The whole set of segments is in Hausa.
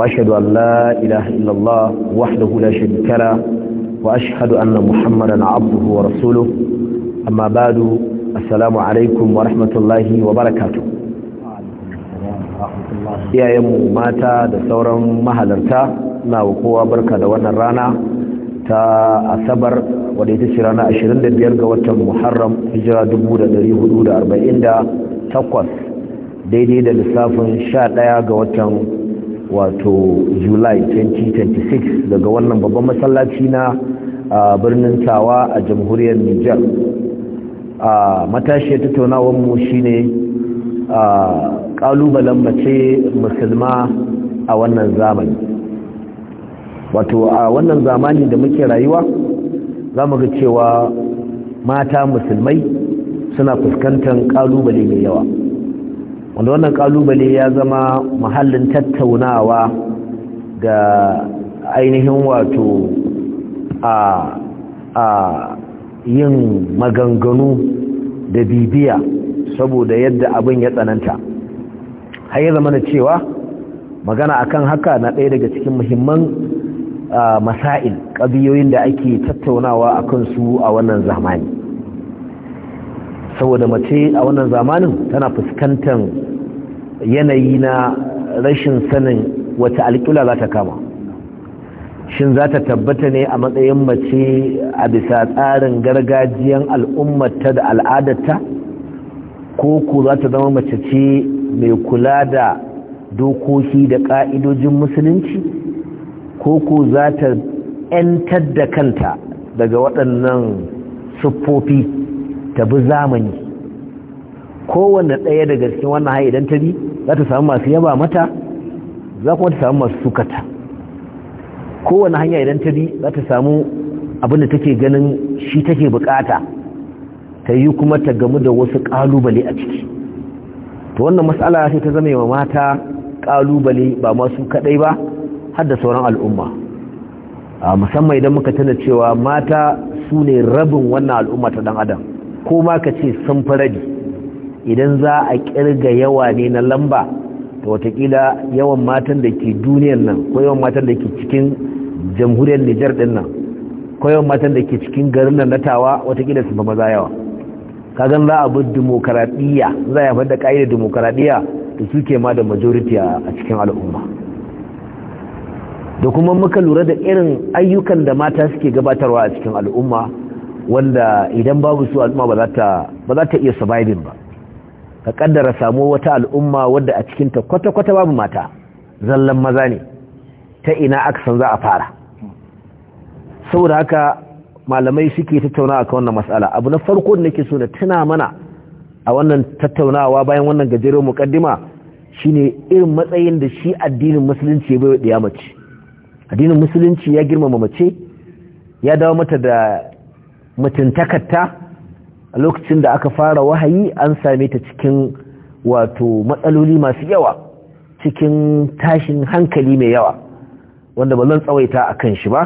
وأشهد أن لا إله إلا الله وحده لا شريك له وأشهد أن محمدا عبده ورسوله أما بعد السلام عليكم ورحمة الله وبركاته iyayenmu mata da sauran mahalarta na kowa barka da wannan rana ta asabar wadda ita ce rana 25 ga watan muharram hijira 1448 daidai da lissafin 11 ga watan wato july 2026 daga wannan babban masallaci na birnin tawa a jamhuriyar niger matashiyar tattaunawarmu shine kalubalen mace musulma a wannan zamani wato a wannan zamani da muke rayuwa za mu ga cewa mata musulmai suna fuskantar kalubale mai yawa wanda wannan kalubale ya zama mahallin tattaunawa ga ainihin wato a a yin maganganu da bibiya saboda yadda abin ya tsananta har ya zama cewa magana akan haka na ɗaya daga cikin muhimman masail ƙabiyoyin da ake tattaunawa akan su a wannan zamani saboda mace a wannan zamanin tana fuskantar yanayi na rashin sanin wata alƙila za ta kama shin za ta tabbata ne a matsayin mace a bisa tsarin gargajiyan al'ummata da al'adarta ko ku za ta zama mace ce mai kula da dokoki da ƙa'idojin musulunci ko ku za ta ‘yantar da kanta daga waɗannan siffofi ta bi zamani kowanne ɗaya daga cikin wannan haya idan ta bi za ta samu masu yaba mata za kuma ta samu masu sukata kowanne hanya idan ta bi za ta samu abinda take ganin shi take bukata ta yi kuma ta gamu da wasu kalubale a ciki to wannan matsala sai ta zama wa mata kalubale ba masu kadai ba har da sauran al'umma musamman idan muka tana cewa mata su ne rabin wannan al'umma ta ɗan adam ko ma ka ce sun fi idan za a kirga yawa ne na lamba ta watakila yawan matan da ke duniyar nan ko yawan matan da ke cikin jamhuriyar nijar din nan ko yawan matan da ke cikin garin nan na tawa watakila su ba maza yawa kagan za a bi demokaradiyya za a fadda demokaradiyya da suke ma da majority a cikin al'umma da kuma muka lura da irin ayyukan da mata suke gabatarwa a cikin al'umma wanda idan babu su al'umma ba za ta iya surviving ba ka kaddara samu wata al'umma wadda a cikinta kwata-kwata babu mata zallan maza ne ta ina aka san za a fara saboda haka malamai suke tattauna a wannan matsala abu na farko da nake so na tuna mana a wannan tattaunawa bayan wannan gajeren mukaddima shine irin matsayin da shi addinin musulunci ya bai wa mace addinin musulunci ya girmama mace ya dawo mata da mutuntakarta a lokacin da aka fara wahayi an same ta cikin wato matsaloli masu yawa cikin tashin hankali mai yawa wanda ba zan tsawaita a kan shi ba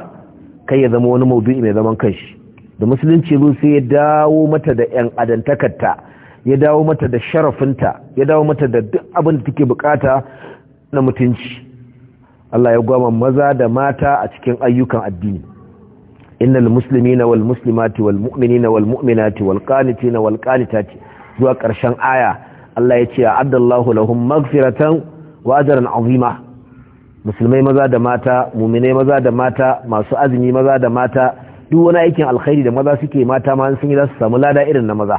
kai ya zama wani maudu'i mai zaman kanshi da musulunci zo sai ya dawo mata da 'yan adantakarta ya dawo mata da sharafinta ya dawo mata da duk abin da take bukata na mutunci Allah ya gwama maza da mata a cikin ayyukan addini Inna muslimina wal muslimati wal mu'minina wal zuwa ƙarshen aya Allah ya ce addallahu lahum maghfiratan wa ajran azima musulmai maza da mata mu'minai maza da mata masu azumi maza da mata duk wani aikin alkhairi da maza suke mata ma sun yi za su samu lada irin na maza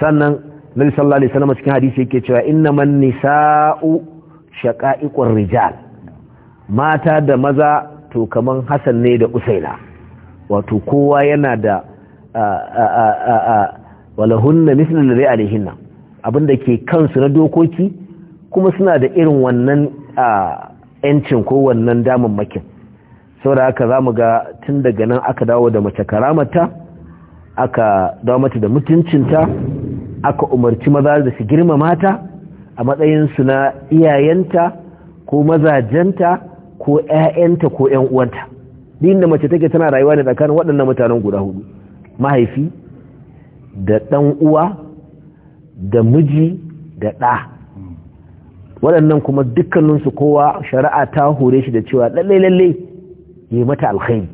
sannan nabi sallallahu alaihi wasallam cikin hadisi yake cewa innaman nisa'u shaqa'iqur rijal mata da maza to kaman Hassan ne da Usaina wato kowa yana da walahunna mislin da zai alihinna abinda ke kansu na dokoki kuma suna da irin wannan yancin ko wannan makin saboda haka za mu ga tun daga nan aka dawo da mace karamata aka dawo mata da mutuncinta aka umarci maza da su girmama ta a matsayinsu na iyayenta ko mazajenta ko 'ya'yanta ko 'yan uwanta din da mace take tana rayuwa ne tsakanin waɗannan mutanen guda hudu mahaifi da ɗan uwa da miji da ɗa waɗannan kuma dukkaninsu kowa shari'a ta hore shi da cewa lalle lalle yi mata alkhairi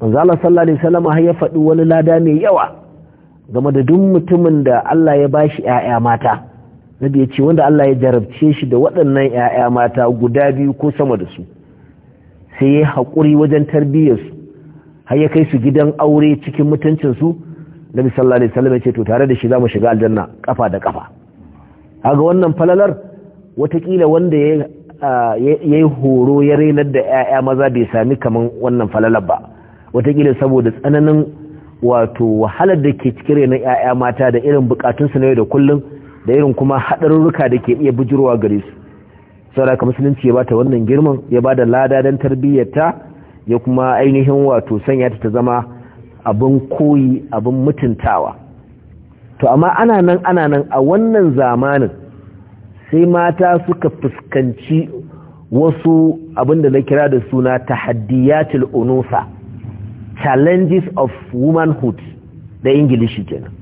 manzo Allah sallallahu alaihi wasallam har ya faɗi wani lada mai yawa game da duk mutumin da Allah ya bashi ya'ya mata nabi ya ce wanda Allah ya jarabce shi da waɗannan ya'ya mata guda biyu ko sama da su sai ya haƙuri wajen tarbiyyarsu har ya kai su gidan aure cikin mutuncinsu su sallallahu alaihi wasallam ya ce to tare da shi za mu shiga aljanna kafa da kafa kaga wannan falalar watakila wanda ya yi horo ya renar da 'ya'ya maza bai sami kamar wannan falalar ba watakila saboda tsananin wato wahalar da ke cikin renar 'ya'ya mata da irin bukatunsu na yau da kullum da irin kuma haɗarurruka da ke iya bujirwa gare su saboda ka musulunci ya bata wannan girman ya bada lada dan tarbiyyarta ya kuma ainihin wato sanya ta ta zama abin koyi abin mutuntawa to amma ana nan ana nan a wannan zamanin sai mata suka fuskanci wasu abin da na kira da suna tahaddiyatul unusa challenges of womanhood da ingilishi kenan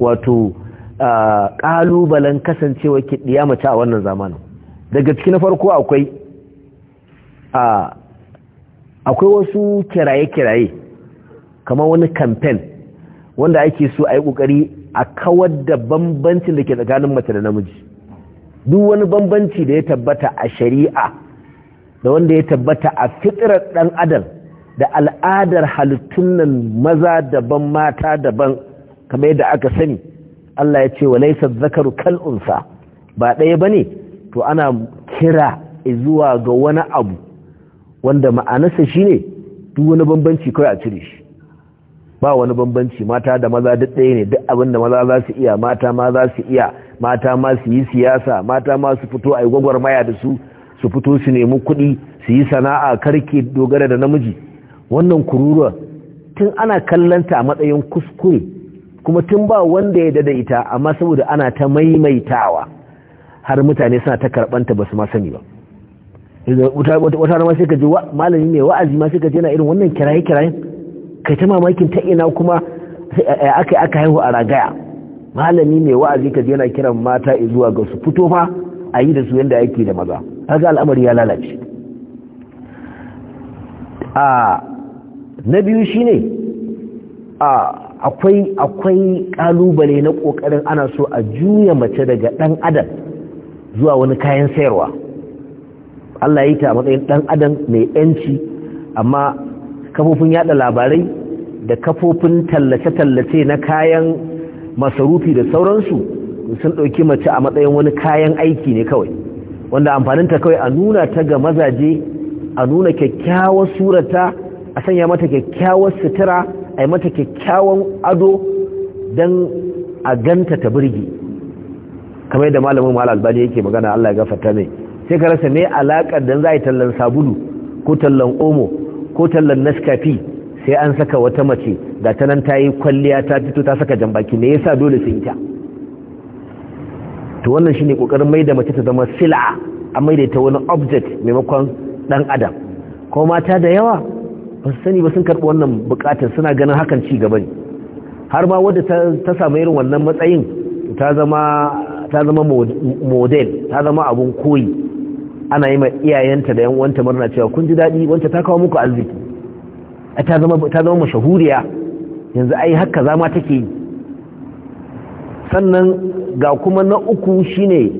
wato ah, ƙalubalen kasancewa kiɗiya mace a wannan zamanin daga ciki na farko akwai akwai wasu kiraye-kiraye kamar wani kamfen wanda ake so ayi yi ƙoƙari a kawar da bambancin da ke tsakanin mace da namiji duk wani bambanci da ya tabbata a shari'a da wanda ya tabbata a fitirar ɗan adam da al'adar halittun nan maza daban mata daban kamar yadda aka sani Allah ya ce wa laisa zakaru kal ba ɗaya bane to ana kira zuwa ga wani abu wanda ma'anarsa ne duk wani bambanci kawai a cire shi ba wani bambanci mata da maza duk ɗaya ne duk abin maza za su iya mata ma za su iya mata ma su yi siyasa mata ma su fito a yi gwagwarmaya da su su fito su nemi kuɗi su yi sana'a karke dogara da namiji wannan kururuwa tun ana kallanta a matsayin kuskure kuma tun ba wanda ya dada ita amma saboda ana ta maimaitawa har mutane suna ta karɓanta ba su ma sani ba wata rama sai ka ji malami mai wa'azi ma sai ka ji yana irin wannan kiraye kirayen kai ta mamakin ta ina kuma eh, eh, aka aka haihu a ragaya malami mai wa'azi ka ji yana kiran mata zuwa ga su fito fa a yi da su yanda yake da maza haka al'amari ya lalace na biyu shine a akwai akwai kalubale na kokarin ana so a juya mace daga dan adam zuwa wani kayan sayarwa Allah yi ta a matsayin ɗan adam mai ‘yanci amma kafofin yaɗa labarai da kafofin tallace-tallace na kayan masarufi da sauransu sun ɗauki mace a matsayin wani kayan aiki ne kawai wanda amfaninta kawai a nuna ta ga mazaje a nuna kyakkyawar surata a sanya mata kyakkyawar sutura a yi mata kyakkyawan ado don a ganta ta birgi kamar yadda malamin mal albani yake magana Allah ya gafarta mai sai ka rasa me alakar dan yi tallan sabulu ko tallan omo ko tallan naskafi sai an saka wata mace da ta nan ta yi kwalliya ta fito ta saka jambaki me yasa dole sun ta to wannan shine kokarin mai da mace ta zama sil'a an mai da ta wani object maimakon dan adam ko mata da yawa ba su sani ba sun karɓi wannan bukatar suna ganin hakan ci gaba ne har ma wadda ta samu irin wannan matsayin ta zama ta zama model ta zama abun koyi ana yi ma iyayenta da yan wanta murna cewa kun ji daɗi wanta ta kawo muku arziki ta zama ta zama mashahuriya yanzu ai haka zama take yi sannan ga kuma na uku shine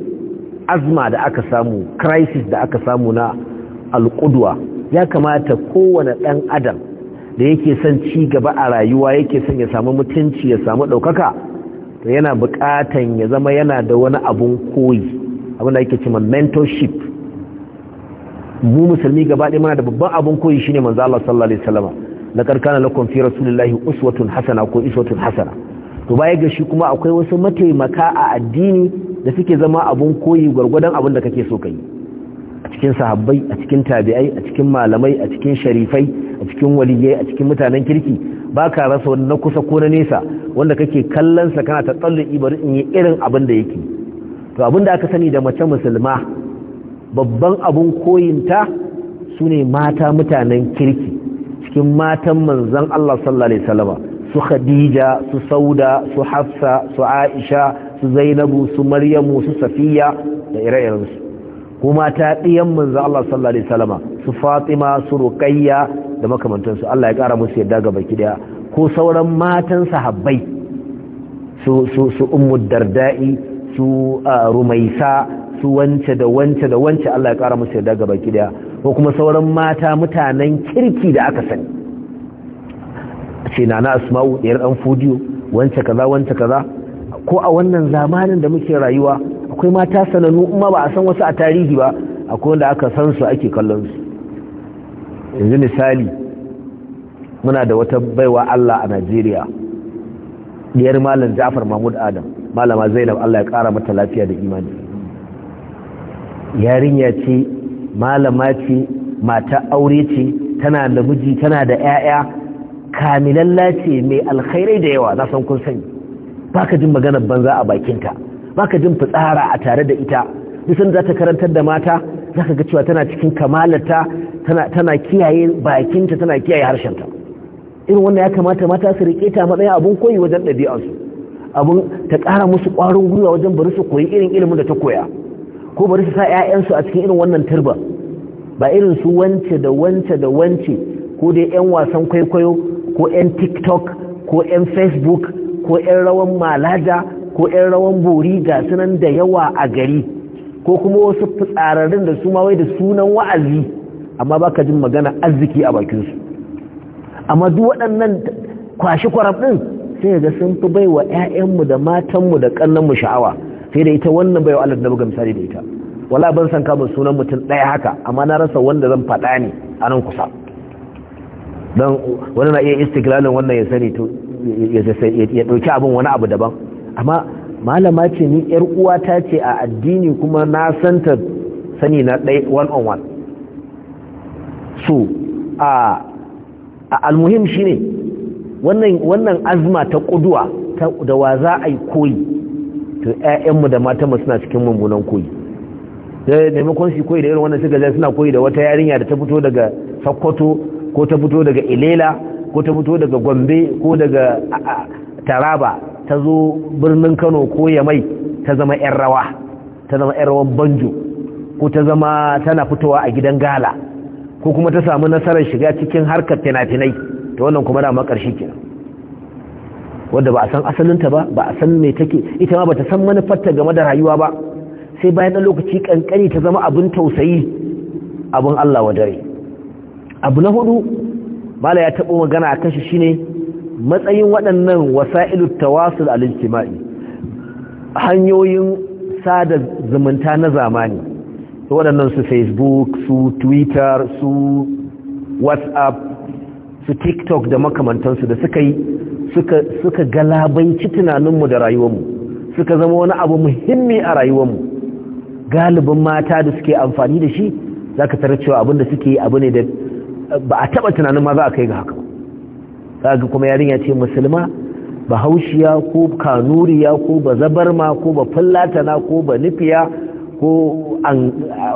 azma da aka samu crisis da aka samu na alƙudwa ya kamata kowane ɗan adam da yake son ci gaba a rayuwa yake son ya samu mutunci ya samu ɗaukaka to yana bukatan ya zama yana da wani abun koyi abin da ake cewa mentorship mu musulmi gaba ɗaya muna da babban abun koyi shine manzo Allah sallallahu alaihi wasallam kar kana lakum fi rasulillahi uswatun hasana ko uswatun hasana to baya ga shi kuma akwai wasu mataimaka a addini da suke zama abun koyi gwargwadon abin da kake so kai a cikin sahabbai a cikin tabi'ai a cikin malamai a cikin sharifai a cikin waliyai a cikin mutanen kirki ba ka rasa wani na kusa ko na nesa wanda kake kallonsa kana ta tsallon bari in yi irin abin da yake to abin da aka sani da mace musulma babban abin koyinta su ne mata mutanen kirki cikin matan manzan Allah sallallahu Alaihi salama su khadija su sauda su hafsa su aisha su zainabu su maryamu su safiya da ire-irensu kuma ta ɗiyan manzo Allah sallallahu alaihi wasallama su Fatima su Ruqayya da makamantansu Allah ya ƙara musu yadda ga baki daya ko sauran matan sahabbai su su su Ummu Darda'i su Rumaisa su wance da wance da wance Allah ya ƙara musu yadda ga baki daya ko kuma sauran mata mutanen kirki da aka sani ce na na Asma'u ɗiyar ɗan fudiyo wance kaza wance kaza ko a wannan zamanin da muke rayuwa akwai mata sanannu kuma ba a san wasu a tarihi ba akwai wanda aka san su ake kallon su yanzu misali muna da wata baiwa Allah a Najeriya diyar malam Ja'far Mahmud Adam malama Zainab Allah ya kara mata lafiya da imani yarinya ce malama ce mata aure ce tana da miji tana da ƴaƴa kamilan mai alkhairai da yawa na san kun sani baka jin magana banza a bakinta baka jin fitsara a tare da ita sanda za ta karantar da mata za ka ga cewa tana cikin kamalarta tana kiyaye bakinta tana kiyaye harshenta irin wannan ya kamata mata su riƙe ta matsaya abun koyi wajen ɗabi'ansu, abun ta ƙara musu ƙwarin gwiwa wajen bari su koyi irin ilimin da ta koya ko bari su sa 'ya'yansu a cikin irin wannan turba ba irin su wance da wance da wance ko dai 'yan wasan kwaikwayo ko 'yan tiktok ko 'yan facebook ko 'yan rawan malaja ko 'yan rawan bori ga sunan da yawa a gari ko kuma wasu tsararin da su ma wai da sunan wa'azi amma ba ka jin magana arziki a bakinsu amma duk waɗannan kwashi kwarab ɗin sai ga sun fi bai wa 'ya'yanmu da matanmu da ƙannanmu sha'awa sai da ita wannan bai wa Allah da buga misali da ita wala ban san kama sunan mutum ɗaya haka amma na rasa wanda zan faɗa ne a nan kusa don wani na iya istiklalin wannan ya sani to ya ɗauki abin wani abu daban amma malama ce ni yar uwata ce a addini kuma na santa sani na ɗaya one on one so a almuhim shine wannan wannan azma ta kuduwa da wa za a yi koyi to ƴaƴanmu da matanmu suna cikin mummunan koyi da maimakon su koyi da irin wannan suka suna koyi da wata yarinya da ta fito daga sakkwato ko ta fito daga ilela ko ta fito daga gombe ko daga taraba ta zo birnin kano ko ya mai ta zama 'yan rawa ta zama 'yan rawan banjo ko ta zama tana fitowa a gidan gala ko kuma ta samu nasarar shiga cikin harkar fina-finai ta wannan kuma dama ƙarshe ke. wadda ba a san asalinta ba ba a san mai take ita ma ba ta san manufarta game da rayuwa ba sai bayan ɗan lokaci ƙanƙani ta zama abin tausayi abin allah wa dare abu na hudu mala ya taɓo magana a kashi shine matsayin waɗannan wasa'ilu tawasul al-ijtima'i hanyoyin sada zumunta na zamani waɗannan su facebook su twitter su whatsapp su tiktok da makamantansu da suka yi suka suka galabanci tunaninmu da mu, suka zama wani abu muhimmi a mu, galibin mata da suke amfani da shi zaka tarar cewa abin suke yi abu ne da ba a taba tunanin ma za a kai ga haka kaga kuma yarinya ce musulma bahaushiya ko kanuriya ko bazabarma ko fullatana ko nufiya ko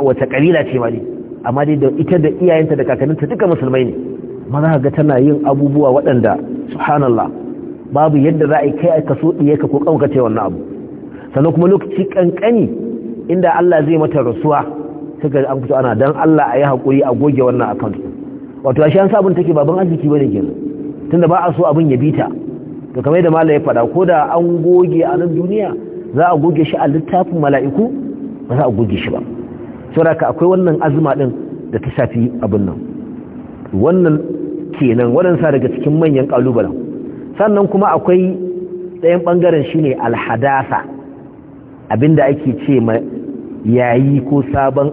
wata kabila ce ma ne amma dai da ita da iyayenta da kakanninta duka musulmai ne maza ga tana yin abubuwa waɗanda subhanallah babu yadda za a kai a kaso ka ko ƙaukace wannan abu sannan kuma lokaci ƙanƙani inda Allah zai mata rasuwa ga an fito ana dan Allah a yi hakuri a goge wannan akant wato a shi an sabunta ke baban arziki bane kenan tunda ba a so abin ya bita to kamar da malai ya faɗa ko da an goge a nan duniya za a goge shi a littafin mala'iku ba za a goge shi ba saboda akwai wannan azuma din da ta shafi abin nan wannan kenan waɗansa daga cikin manyan ƙalubalen sannan kuma akwai ɗayan bangaren shine alhadasa abinda ake ce ma yayi ko sabon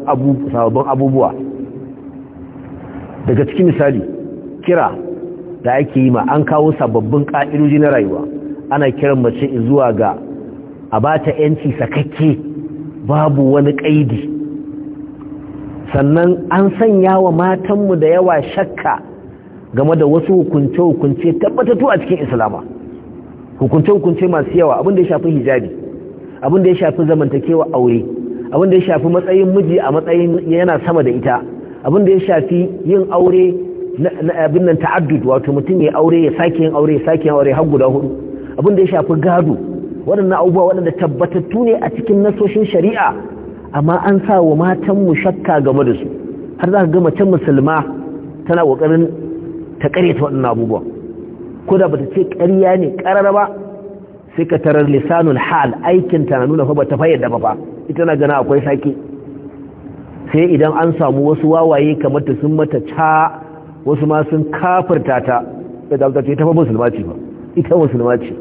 abubuwa daga cikin misali kira da ake yi ma an kawo sababbin ƙa'idoji na rayuwa ana kiran mace zuwa ga a ba ta ‘yanci sakakke babu wani ƙaidi sannan an sanya wa matanmu da yawa shakka game da wasu hukunce-hukunce tabbatattu a cikin islama hukunce-hukunce masu yawa abinda ya shafi hijabi abinda ya shafi zamantakewa aure abinda ya shafi matsayin miji a matsayin yana sama da ita abinda ya shafi yin aure na abin nan ta'addud wato mutum ya aure ya sake yin aure ya sake yin aure har guda hudu abin da ya shafi gado waɗannan abubuwa waɗanda tabbatattu ne a cikin nasoshin shari'a amma an sa wa matan mu shakka game da su har za ka ga mace musulma tana kokarin ta ta waɗannan abubuwa ko da bata ce ƙarya ne karara ba sai ka tarar lisanul hal aikin ta na nuna fa bata fayyada ba fa ita na gana akwai sake sai idan an samu wasu wawaye kamar ta sun mata ca wasu ma sun kafirta ta da dauka ce ta musulma ce ba ita musulma ce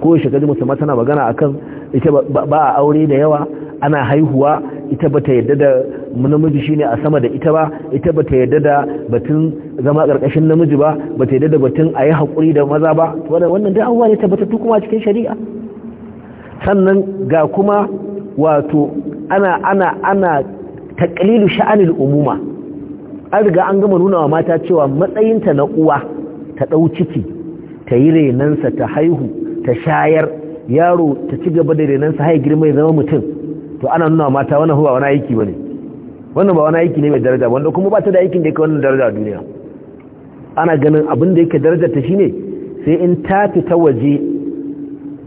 ko shekaru musulma tana magana akan ita ba a aure da yawa ana haihuwa ita ba ta yadda da namiji shine a sama da ita ba ita ba ta yadda da batun zama karkashin namiji ba Ba ta yadda da batun a yi hakuri da maza ba wannan da awwa ne tabbatattu kuma cikin shari'a sannan ga kuma wato ana ana ana taƙalilu sha'anil umuma an riga an gama nuna wa mata cewa matsayinta na uwa ta ɗau ciki ta yi renansa ta haihu ta shayar yaro ta ci gaba da renansa haihu girma ya zama mutum to ana nuna wa mata wannan huwa wani aiki bane wannan ba wani aiki ne mai daraja wanda kuma ba ta da aikin da yake wannan daraja a duniya ana ganin abin da yake darajar ta shine sai in ta fita waje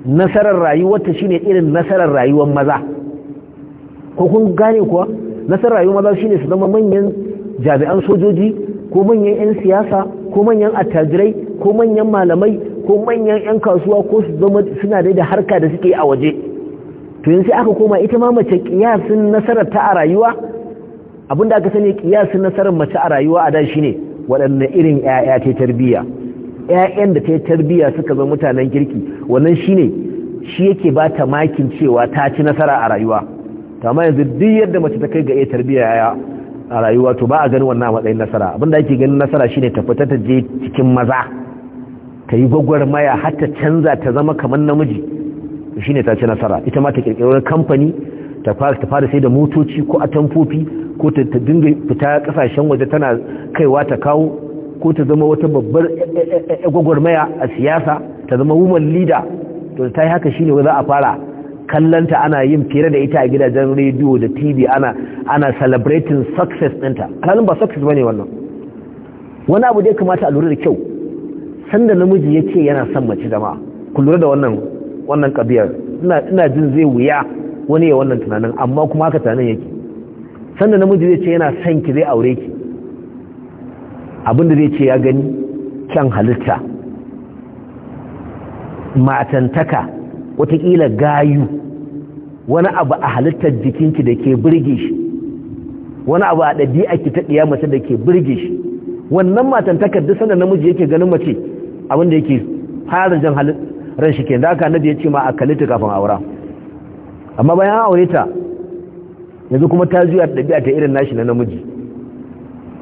nasarar rayuwarta shine irin nasarar rayuwar maza ko kun gane kuwa nasarar rayuwar maza shine su zama manyan jami'an sojoji ko manyan 'yan siyasa ko manyan attajirai ko manyan malamai ko manyan 'yan kasuwa ko su zama suna dai da harka da suke a waje to yanzu aka koma ita ma mace kiyasin nasarar ta a rayuwa abinda aka sani kiyasin nasarar mace a rayuwa a da ne waɗanne irin 'ya'ya ta tarbiyya 'ya'yan da ta tarbiyya suka zama mutanen kirki wannan shine shi yake ba ta makin cewa ta ci nasara a rayuwa to amma yanzu duk yadda mace ta kai ga iya tarbiyya a rayuwa to ba a gani wannan matsayin nasara abinda ake ganin nasara shine ta fita ta je cikin maza ta yi gwagwarmaya har ta canza ta zama kamar namiji shine ta ci nasara ita ma ta kirkiro kamfani ta fara ta fara sai da motoci ko atamfofi ko ta dinga fita kasashen waje tana kaiwa ta kawo ko ta zama wata babbar e, e, e, gwagwarmaya a siyasa ta zama woman leader to ta yi haka shine wai za a fara kallanta ana yin fere da ita a gidajen rediyo da tv ana ana celebrating success ɗinta alhalin ba success ba ne wannan wani abu dai kamata a lura da kyau sanda namiji ya ce yana son mace zama ku lura da wannan wannan kabiyar ina jin zai wuya wani ya wannan tunanin amma kuma haka tunanin yake sanda namiji zai ce yana son ki zai aure ki abinda zai ce ya gani kyan halitta matantaka watakila gayu wani abu a halittar jikinki da ke birge wani abu a ɗabi'a ta ɗiya mace da ke birge wannan matan takardu sanar namiji yake ganin mace abin yake fara jan ran shi ke da aka nabi ya ce ma a kalita kafin aura amma bayan aure ta yanzu kuma ta zuwa ɗabi'a ta irin nashi na namiji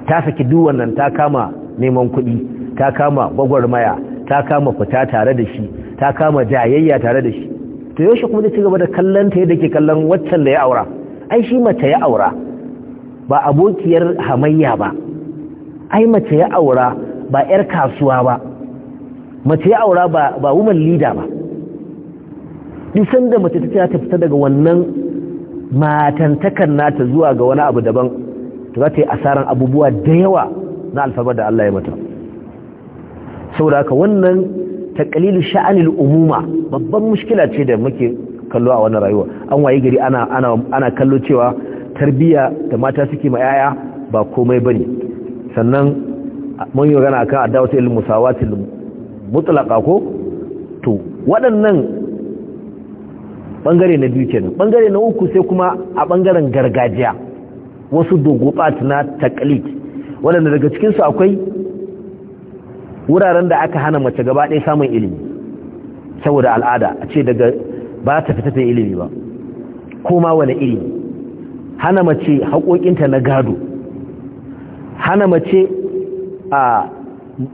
ta saki duk wannan ta kama neman kuɗi ta kama gwagwarmaya ta kama fita tare da shi ta kama jayayya tare da shi to yaushe kuma da ci gaba da kallon ta yadda ke kallon waccan da ya aura ai shi mace ya aura ba abokiyar hamayya ba ai mace ya aura ba yar kasuwa ba mace ya aura ba ba woman leader ba nisan da mace ta ta fita daga wannan matantakan nata zuwa ga wani abu daban to za ta yi asaran abubuwa da yawa na alfabar da Allah ya mata saboda haka wannan taqlilu sha'anil umuma babban mushkila ce da muke kallo a wannan rayuwa an waye gari ana ana ana kallo cewa tarbiya da mata suke ma yaya ba komai bane sannan mun yi magana akan adawatu ilmu musawati mutlaqa ko to waɗannan bangare na biyu kenan bangare na uku sai kuma a bangaren gargajiya wasu dogobat na taqlid waɗanda daga cikin su akwai wuraren da aka hana mace gaba ɗaya samun ilimi saboda al'ada a ce daga ba ta fita ta ilimi ba koma wani ilimi hana mace haƙoƙinta na gado hana mace a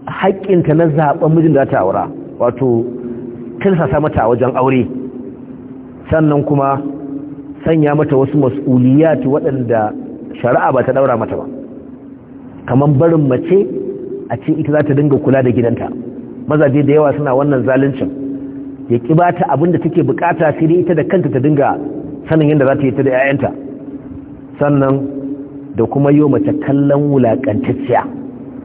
haƙƙinta na zaɓen mijin da ta aura wato tilsasa mata a wajen aure sannan kuma sanya mata wasu mas'uliyati waɗanda shari'a ba ta ɗaura mata ba kamar barin mace a ce ita za ta dinga kula da gidanta mazaje da yawa suna wannan zaluncin ya ki ba ta abin da take bukata sai dai ita da kanta ta dinga sanin yadda za ta yi ta da 'ya'yanta sannan da kuma yi mace kallon wulaƙantacciya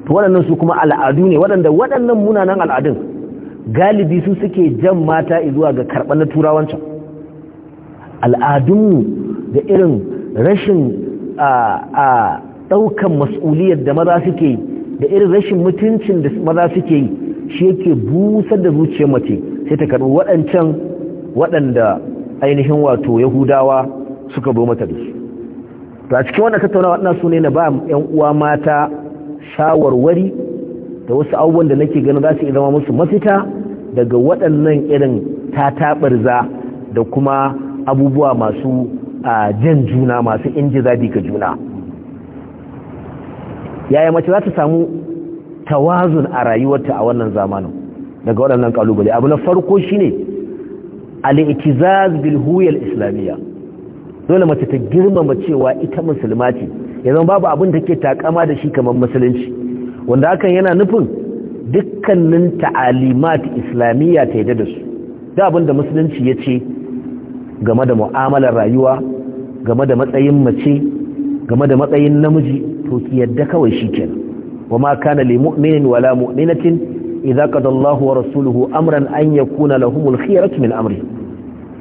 to waɗannan su kuma al'adu ne waɗanda waɗannan munanan al'adun galibi su suke jan mata zuwa ga karɓar na turawancin al'adunmu da irin rashin a ɗaukan mas'uliyar da maza suke da irin rashin mutuncin da maza suke yi shi yake busar da zuciyar mace sai ta karɓi waɗancan waɗanda ainihin wato yahudawa suka zo mata da shi to a cikin wannan tattaunawa ina so ne na ba ƴan uwa mata shawarwari da wasu abubuwan da nake ganin za su iya zama musu mafita daga waɗannan irin tataɓarza da kuma abubuwa masu jan juna masu injiza ga juna yaya mace za ta samu tawazun a rayuwarta a wannan zamanin daga waɗannan kalubale abu na farko shine al-i'tizaz bil huyal islamiyya dole mace ta girmama cewa ita musulma ce yanzu babu abin da ke takama da shi kamar musulunci wanda hakan yana nufin dukkanin ta'alimat islamiyya ta yadda da su da abin da musulunci ya ce game da mu'amalar rayuwa game da matsayin mace game da matsayin namiji to ki yadda kawai shikenan wama kana lil mu'minin wala mu'minatin idza qada Allahu wa rasuluhu amran an yakuna lahumul khiyaratu min amri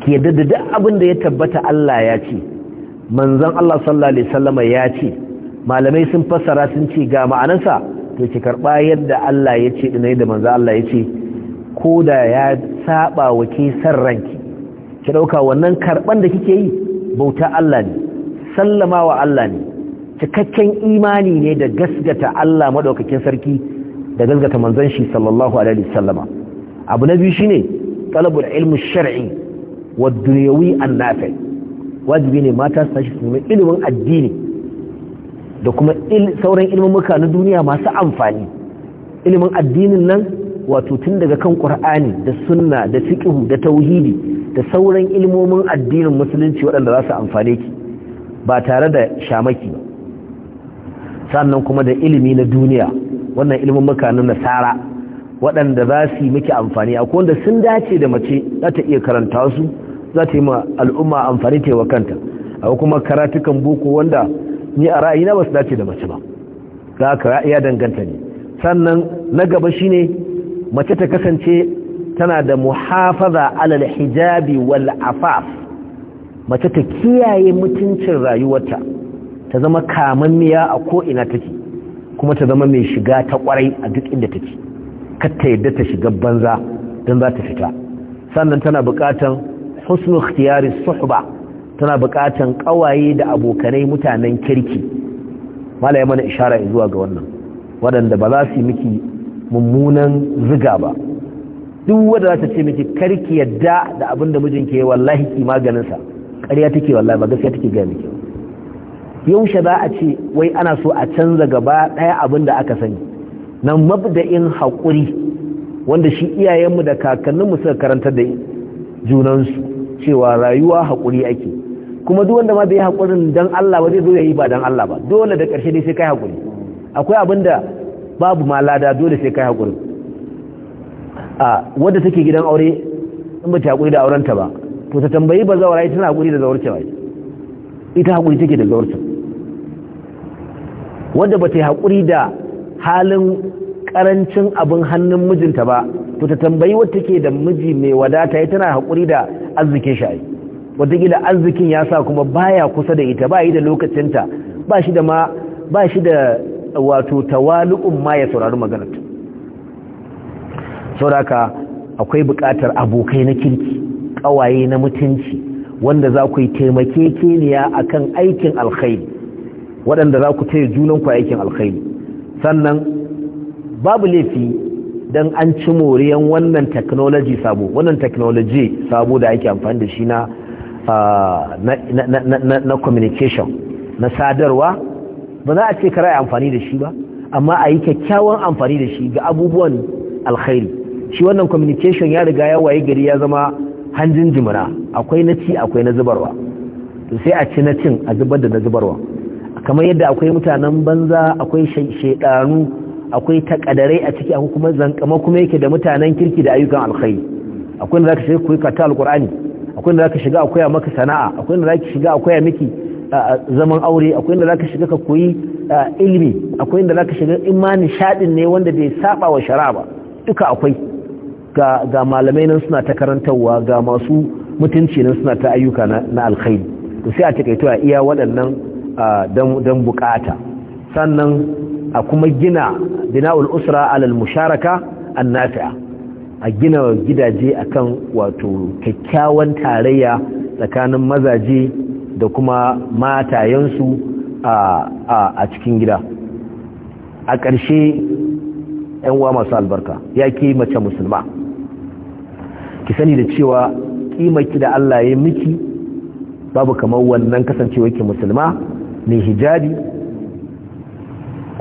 ki yadda da duk abin da ya tabbata Allah ya ce manzon Allah sallallahu alaihi wasallama ya ce malamai sun fassara sun ce ga ma'anarsa to ki karba yadda Allah ya ce dinai da manzon Allah ya ce koda ya saba wa ke san ranki ki dauka wannan karban da kike yi bauta Allah ne sallama wa Allah ne cikakken imani ne da gasgata Allah madaukakin sarki da gasgata manzon shi sallallahu alaihi wasallama abu na biyu shine talabul ilmi shar'i wa dunyawi annafi wajibi ne mata su tashi su nemi ilimin addini da kuma sauran ilimin muka na duniya masu amfani ilimin addinin nan wato tun daga kan qur'ani da sunna da fiqhu da tauhidi da sauran ilmomin addinin musulunci waɗanda za su amfane ki ba tare da shamaki ba sannan kuma da ilimi na duniya wannan ilimin muka na nasara waɗanda za su yi miki amfani a wanda sun dace da mace za ta iya karanta su za ta yi ma al'umma amfani ta wa kanta a kuma karatukan boko wanda ni a ra'ayina ba su dace da mace ba za ka ya danganta ne sannan na gaba shi ne mace ta kasance tana da muhafaza alal hijabi wal afaf mace ta kiyaye mutuncin rayuwarta ta zama kamammiya a ko'ina take kuma ta zama mai shiga ta kwarai a duk inda take katta yadda ta shiga banza don za ta fita sannan tana bukatan husnul ikhtiyari suhba tana bukatan kawaye da abokanai mutanen kirki malaya mana ishara zuwa ga wannan waɗanda ba za su miki mummunan ziga ba duk wanda za ta ce miki karki yadda da abin da mijinki ya wallahi ki maganinsa ƙarya take wallahi ba gaskiya take gaya miki ba yaushe za a ce wai ana so a canza gaba ɗaya abin da aka sani na mabda'in haƙuri wanda shi iyayenmu da kakanninmu suka karanta da junansu cewa rayuwa haƙuri ake kuma duk wanda ma bai haƙurin dan Allah ba zai zo ya yi ba dan Allah ba dole da ƙarshe dai sai kai haƙuri akwai abin da babu ma lada dole sai kai haƙuri a wanda take gidan aure in ba ta haƙuri da aurenta ba to ta tambayi ba ita tana haƙuri da ba. ita haƙuri take da zawarcewa wanda ba ta yi haƙuri da halin ƙarancin abin hannun mijinta ba to ta tambayi wata ke da miji mai wadata ya tana haƙuri da arzikin shayi wataƙila arzikin ya sa kuma baya kusa da ita ba yi da lokacinta ba shi da wato tawalu'un ma ya saurari maganar sauraka akwai buƙatar abokai na kirki ƙawaye na mutunci wanda za ku yi taimakekeniya kan aikin alkhairi waɗanda za ku taya ku aikin alkhairi sannan babu laifi don an ci moriyan wannan technology sabo wannan technology sabo da ake amfani da shi na na communication na sadarwa ba za a ce kara amfani da shi ba amma a yi kyakkyawan amfani da shi ga abubuwan alkhairi shi wannan communication ya riga ya waye gari ya zama hanjin jimira akwai na ci akwai na zubarwa to sai a ci na cin a zubar da na zubarwa kamar yadda akwai mutanen banza akwai shaidanu akwai takadarai a ciki akwai kuma zankama kuma yake da mutanen kirki da ayyukan alkhairi akwai da zaka shiga koyi kata alqur'ani akwai da zaka shiga akwai maka sana'a akwai da zaka shiga akwai miki zaman aure akwai da zaka shiga ka koyi ilimi akwai da zaka shiga imani shadin ne wanda bai saba wa sharaba duka akwai ga ga malamai nan suna ta karantawa ga masu mutunci nan suna ta ayyuka na alkhairi to sai a takaito a iya waɗannan don bukata sannan a kuma gina bina'ul usra alal musharaka annafi'a a gina gidaje akan wato kyakkyawan tarayya tsakanin mazaje da kuma matayensu a cikin gida a ƙarshe ‘yan uwa masu albarka ya ke mace musulma ki sani da cewa ƙimaki da Allah ya miki babu kamar wannan kasancewa ke musulma mai hijabi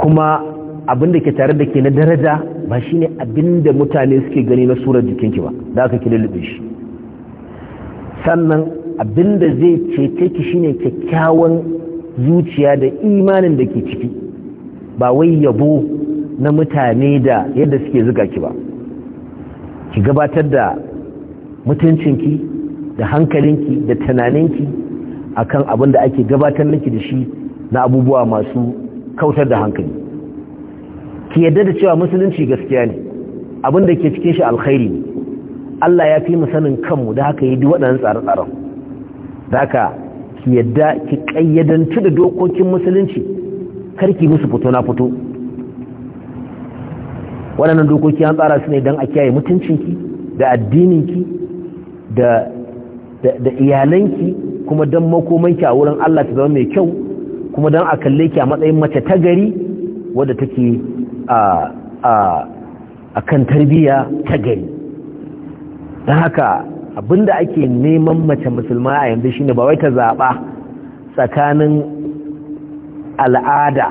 kuma abin da ke tare da ke na daraja ba shi ne abin da mutane suke gani na surar jikinki ba da aka ki lullube shi sannan abin da zai cece ki shine kyakkyawan zuciya da imanin da ke ciki ba wai yabo na mutane da yadda suke zuga ki ba ki gabatar da mutuncinki da hankalinki da tunaninki akan abin da ake gabatar miki da shi na abubuwa masu kautar da hankali ki yadda da cewa musulunci gaskiya ne abin da ke cikin shi alkhairi ne Allah ya fi mu sanin kanmu da haka yi duk waɗannan tsare-tsaren da haka ki yadda ki ƙayyadantu da dokokin musulunci kar ki musu fito na fito waɗannan dokoki an tsara su ne don a kiyaye mutuncinki da addininki da iyalanki kuma don makomanki a wurin Allah ta zama mai kyau kuma don a kalle ki a matsayin mace ta gari wadda take a kan tarbiya ta gari don haka abinda ake neman mace musulma a yanzu shine ba wai ta zaɓa tsakanin al'ada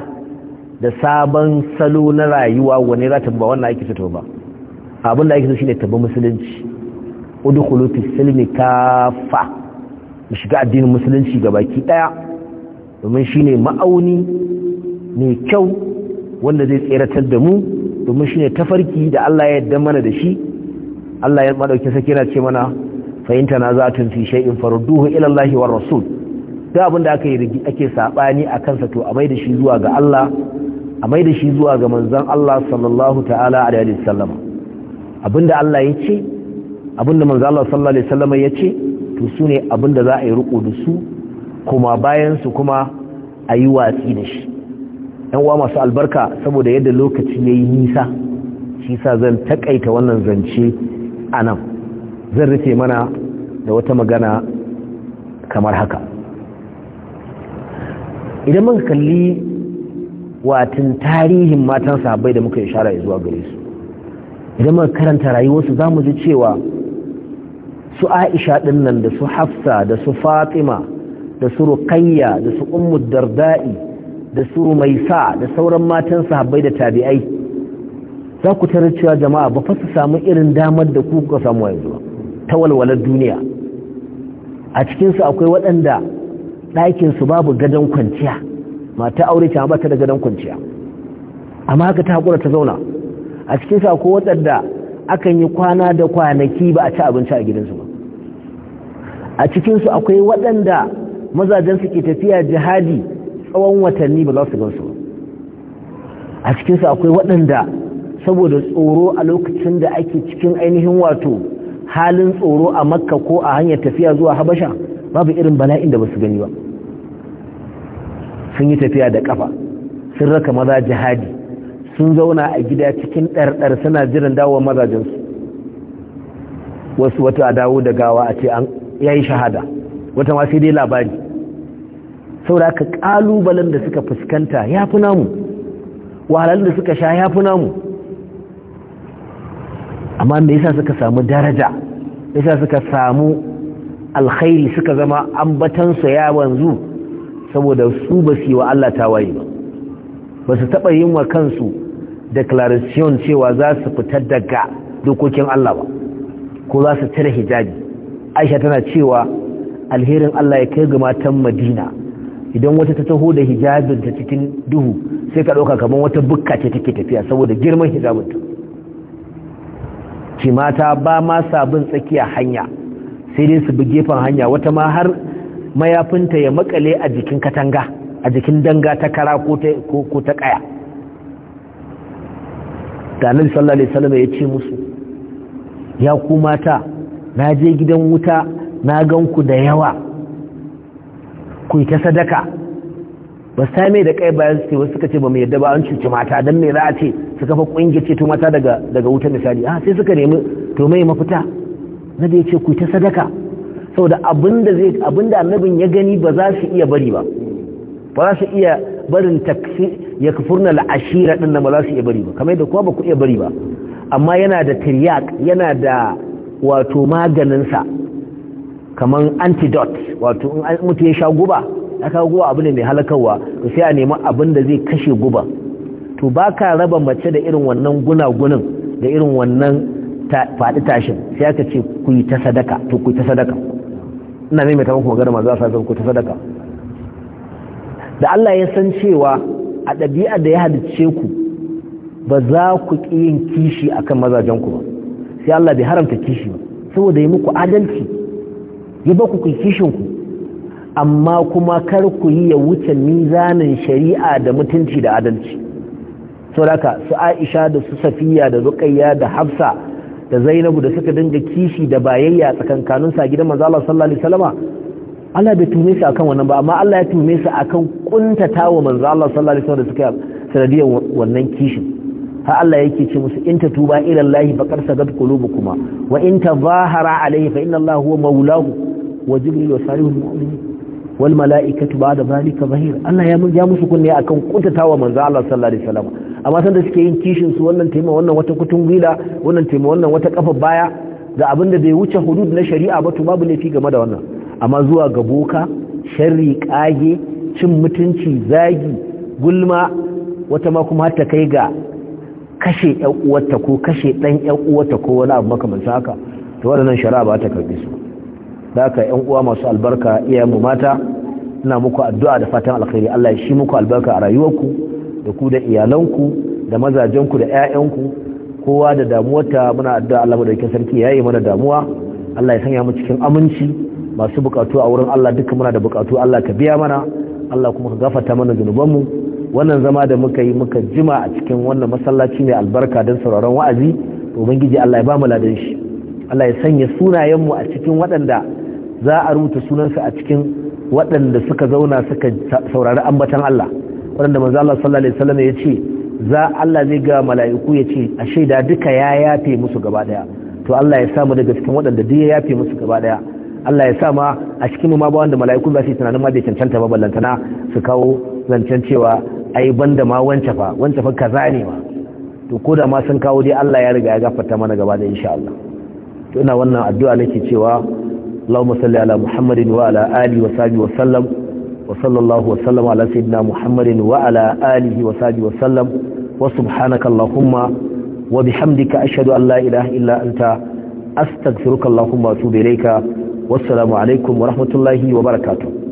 da sabon salo na rayuwa wani ratin ba wannan ake fito ba abinda ake so shine tabi musulunci udkhulu fi silmi kafa shiga addinin musulunci gabaki daya domin ne ma'auni mai kyau wanda zai tseratar da mu domin ne tafarki da Allah ya yadda mana da shi Allah ya maɗauki sake na ce mana fahimta na za tun fi in faru duhu Allah wa rasul Da abin da aka yi ake saɓani a kansa to a mai da shi zuwa ga Allah a mai da shi zuwa ga manzan Allah sallallahu ta'ala Sallama. Abin da Allah ya ce abin da manzan Allah sallallahu alaihi ya ce to sune da za a yi riko da su kuma bayan su kuma a yi watsi da shi ‘yan uwa masu albarka saboda yadda lokaci ya yi nisa shi sa zan takaita wannan zance a nan zan rufe mana da wata magana kamar haka idan muka kalli watin tarihin matan sabai da muka ishara zuwa gare su idan muka karanta rayuwarsu za mu ji cewa su aisha ɗin nan da su hafsa da su fatima da su rukayya da su ummu darda'i da su maisa da sauran matan sahabbai da tabi'ai za ku tarar cewa jama'a ba fa su samu irin damar da ku ka samu yanzu ta walwalar duniya a cikin su akwai waɗanda ɗakinsu babu gadon kwanciya mata aure ta ba ta da gadon kwanciya amma haka ta hakura ta zauna a cikin su akwai waɗanda akan yi kwana da kwanaki ba a ci abinci a gidansu ba a cikinsu akwai waɗanda mazajen ke tafiya jihadi tsawon watanni ba za su gansu a cikinsu akwai waɗanda saboda tsoro a lokacin da ake cikin ainihin wato halin tsoro a makka ko a hanyar tafiya zuwa habasha babu irin bala'in da ba su gani ba sun yi tafiya da kafa sun raka maza jihadi sun zauna a gida cikin ɗarɗar suna jiran dawowar mazajensu wasu wata a dawo da gawa a ce an yayi shahada wata ma sai dai labari saboda ka kalubalen da suka fuskanta ya fi namu wahalar da suka sha ya fi namu amma me yasa suka samu daraja yasa suka samu alkhairi suka zama su ya wanzu saboda su ba su yi wa Allah tawaye ba ba su taɓa yin wa kansu declaration cewa za su fitar daga dokokin Allah ba ko za su cire hijabi aisha tana cewa alherin Allah ya kai ga matan Madina idan wata ta taho da hijabin ta cikin duhu sai ka ɗauka kamar wata bukka ce take tafiya saboda girman hijabin ta ki mata ba ma sabon tsakiya hanya sai dai su bi gefen hanya wata ma har mayafinta ya makale a jikin katanga a jikin danga ta kara ko ta kaya da nabi sallallahu alaihi wasallam ya ce musu ya ku mata na je gidan wuta na gan ku da yawa ku ta sadaka ba sami da kai bayan su ce wasu suka ce ba mu yadda ba an cuci mata don me za a ce su kafa kungiya ceto mata daga daga wuta misali a ah, sai suka nemi to mai mafita na da ya ce ku ta sadaka saboda abinda zai abinda annabin ya gani ba za su iya bari ba ba za su iya barin taksi ya kafurna la'ashira din nan ba za su iya bari ba kamar yadda kuma ba ku iya bari ba amma yana da tiryak yana da wato maganinsa kamar antidote wato in mutu ya sha guba ya kawo guba abu ne mai halakarwa to sai a nemi abin da zai kashe guba to ba ka raba mace da irin wannan gunagunin da irin wannan faɗi tashin sai aka ce ku yi ta sadaka to ku yi ta sadaka ina mai mata muku magana mazu asasar ku ta sadaka da Allah ya san cewa a ɗabi'a da ya halicce ku ba za ku ƙi yin kishi akan mazajen ku ba sai Allah bai haramta kishi ba saboda yi muku adalci ya ba ku kishin ku amma kuma kar ku yi ya wuce mizanin shari'a da mutunci da adalci saboda su Aisha da su Safiya da Ruqayya da Hafsa da Zainabu da suka dinga kishi da bayayya tsakankanin sa gidan manzo Allah sallallahu alaihi wasallama Allah bai tume su akan wannan ba amma Allah ya tume su akan kuntatawa manzo Allah sallallahu alaihi wasallam da suka sanadiyar wannan kishin fa Allah yake ce musu in tatuba ila Allah faqad sadat qulubukuma wa in tazahara alayhi fa inna Allah huwa maulahu wa jibril wa salihul mu'minin wal mala'ikatu ba'da zalika zahir Allah ya musu kunne akan kuntatawa manzo Allah sallallahu alaihi wasallam amma da suke yin kishin su wannan taima wannan wata kutun wannan wannan wata kafa baya da abin da bai wuce hudud na shari'a ba to babu fi game da wannan amma zuwa ga boka sharri kage cin mutunci zagi gulma wata ma kuma ta kai ga kashe ƴan uwarta ko kashe ɗan ƴan uwarta ko wani abu makamancin haka to waɗannan shari'a ba ta karɓi su da haka yan uwa masu albarka iyayen mu mata ina muku addu'a da fatan alkhairi Allah ya shi muku albarka a rayuwarku da ku da iyalanku da mazajenku da 'ya'yanku, kowa da damuwarta muna addu'a Allah madaukakin sarki yayi yi mana damuwa Allah ya sanya mu cikin aminci masu bukatu a wurin Allah duka muna da bukatu Allah ka biya mana Allah kuma ka gafarta mana mu, wannan zama da muka yi muka jima a cikin wannan masallaci mai albarka don sauraron wa'azi giji Allah ya ba mu ladan shi Allah ya sanya sunayen mu a cikin waɗanda za a rubuta sunansa a cikin waɗanda suka zauna suka saurari ambatan Allah waɗanda manzo Allah sallallahu alaihi wasallam ya ce za Allah zai ga mala'iku ya ce a shaida duka ya yafe musu gaba daya to Allah ya samu daga cikin waɗanda duk ya yafe musu gaba daya Allah ya sa ma a cikin ma ba wanda mala'iku za su tunanin ma bai cancanta ba ballantana su kawo zancen cewa ai banda ma wance fa wance fa kaza ne ma to ko da ma sun kawo dai Allah ya riga ya gafarta mana gaba da insha Allah to ina wannan addu'a nake cewa اللهم صل على محمد وعلى آله وصحبه وسلم وصلى الله وسلم على سيدنا محمد وعلى آله وصحبه وسلم وسبحانك اللهم وبحمدك أشهد أن لا إله إلا أنت أستغفرك اللهم وأتوب إليك والسلام عليكم ورحمة الله وبركاته